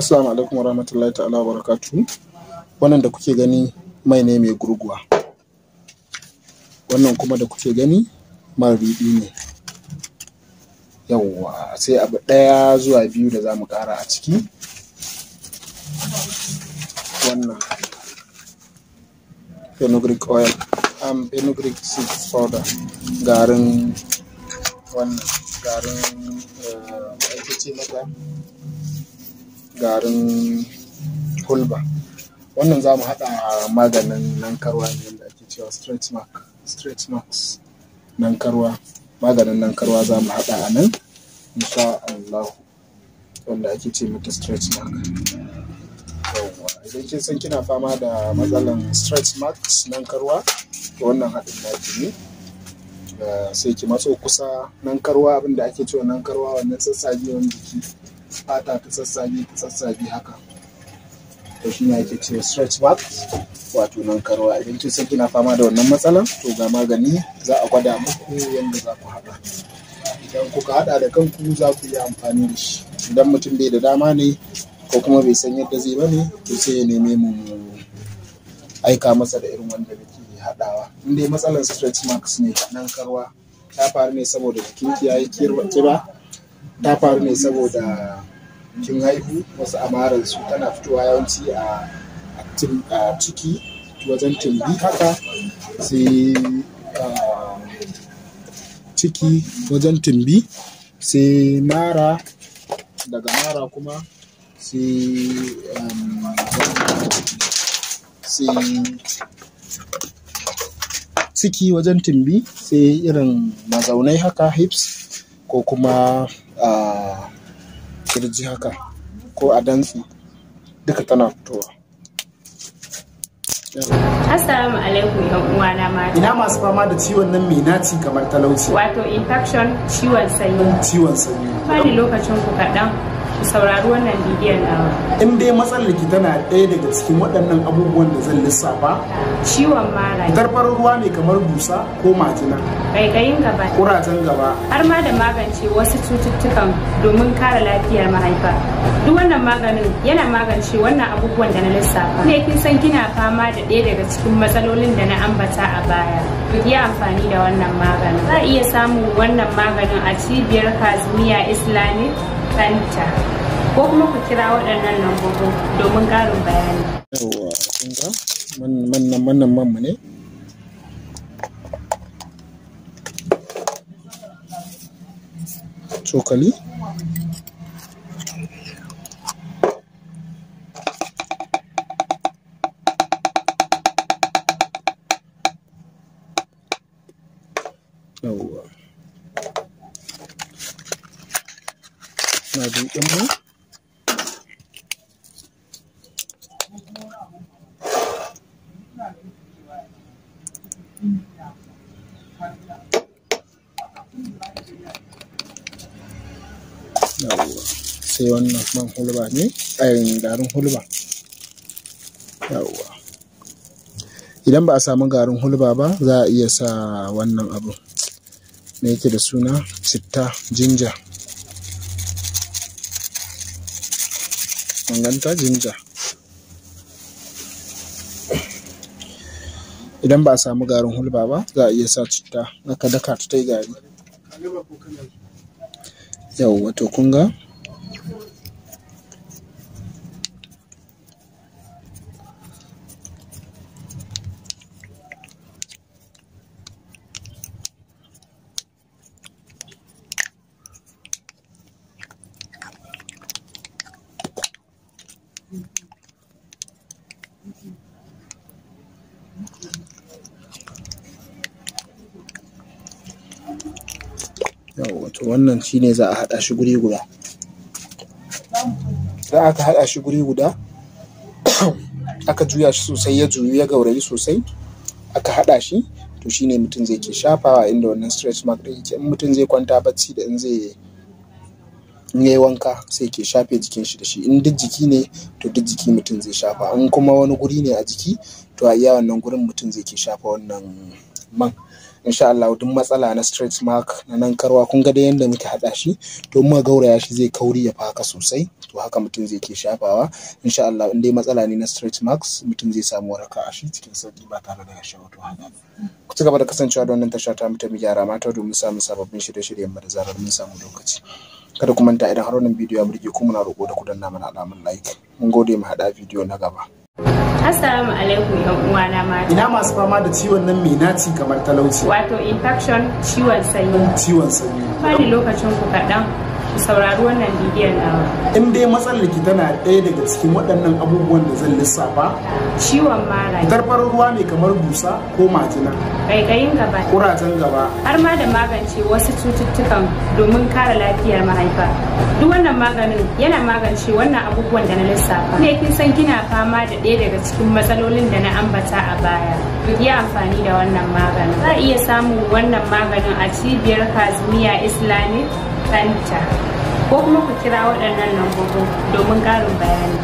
Assalamu alaikum wa rahmatullahi ta'ala wa barakatu. Wannan da kuke gani mai ne mai gurguwa. Wannan kuma da kuke gani man riɗi ne. Yawwa sai abu ɗaya zuwa biyu da za mu ƙara a ciki. Wannan fenugreek oil, Am um, fenugreek seed powder, garin wannan garin uh, ce maka garin hulba wannan za mu haɗa maganin nankarwa ne da ake cewa straight mark straight marks nankarwa maganin nankarwa za mu haɗa a nan insha Allah wanda ake ce mata straight mark idan kin san kina fama da matsalan straight marks nankarwa to wannan haɗin da ake ne eh, sai ki matso kusa nankarwa abinda ake cewa nankarwa wannan sassa sassagewan jiki fata ta sassage ta sassage haka to shi ne ake ce stretch marks wato nan karwa idan ce sun kina fama da wannan matsalan to ga magani za a gwada muku yadda za ku haɗa idan kuka haɗa da kanku za ku yi amfani da shi idan mutum bai da dama ne ko kuma bai san yadda zai bane to sai ya neme mu aika masa da irin wanda muke haɗawa in dai matsalan stretch marks ne nan karwa ta faru ne saboda jikin ya yi ta faru ne saboda kin haihu wasu amaran su tana fitowa yawanci a ciki wajen tumbi haka sai ciki wajen tumbi sai mara daga mara kuma um, sai ciki wajen tumbi sai irin mazaunai haka hips ko kuma a kirji haka ko a dantsi duka tana fitowa Assalamu alaikum yan uwana mata. Ina masu fama da ciwon nan mai naci kamar talauci. Wato infection ciwon sanyi. Ciwon sanyi. Fadi lokacin ku kaɗan saurari wannan bidiyon nawa. In dai matsalar ki tana ɗaya daga cikin waɗannan abubuwan da zan lissafa. Ciwon mara. Tarfar ruwa ne kamar dusa ko majina. Ƙaiƙayin gaba. Ƙurajen gaba. Har ma da magance wasu cututtukan domin kare lafiyar mahaifa. Duk wannan maganin yana magance wannan abubuwan da na lissafa. Ne kin san kina fama da ɗaya daga cikin matsalolin da na ambata a baya. Ku yi amfani da wannan maganin. Za a iya samun wannan maganin a cibiyar Kazimiya Islamic Center. ko kuma ku kira waɗannan lambobin domin ƙarin bayani. Yawwa, kun ga mannan mannan manmu ne? Cokali? Yawwa. Na duƙin mu? yawwa sai wannan man hulba ne ayin garin hulba yawwa idan ba a samu garin hulba ba za a iya sa wannan abu me yake da suna citta jinja manganta jinja idan ba a samu garin hulba ba za a iya sa citta aka daka ta ta yi gari yauwa to kun ga yawwa to wannan shine za a haɗa shi guri guda za aka haɗa shi guri guda aka juya shi sosai ya juyu ya gaurayi sosai aka haɗa shi to shine mutum zai ke shafawa inda wannan stretch mark da yake in mutum zai kwanta bacci da in zai in yayi wanka sai ke shafe jikin shi da shi in duk jiki ne to duk jiki mutum zai shafa in kuma wani guri ne a jiki to a iya wannan gurin mutum zai ke shafa wannan man insha Allah duk matsala na straight mark na nan karwa kun ga da yanda muke hada shi to muka gauraya shi zai kauri ya faka sosai to haka mutum zai ke shafawa insha Allah in dai matsala ne na straight marks mutum zai samu waraka a shi cikin sauki ba tare da ya sha wato ku ci gaba da kasancewa da wannan tasha ta mu gyara mata domin samun sababbin shirye-shiryen mu da zarar mun samu lokaci kada ku manta idan har wannan bidiyo ya burge ku muna roƙo da ku danna mana alamun like mun gode mu hada bidiyo na gaba Assalamu alaikum yan uwana mata. Ina masu fama da ciwon nan mai kamar talauci. Wato infection ciwon sanyi. Ciwon sanyi. Bani lokacin ku kaɗan saurari wannan bidiyon awa. In dai matsalar ki tana ɗaya daga cikin waɗannan abubuwan da zan lissafa. Ciwon mara. Tarfar ruwa ne kamar dusa ko majina. Ƙaiƙayin gaba. Kurajen gaba. Har ma da magance wasu cututtukan domin kare lafiyar mahaifa. Duk wannan maganin yana magance wannan abubuwan da na lissafa. Ne kin san kina fama da ɗaya daga cikin matsalolin da na ambata a baya. Ki amfani da wannan maganin. Za a iya samun wannan maganin a cibiyar Kazimiya Islamic fanta ko kuma ku kira waɗannan lambobin domin ƙarin bayani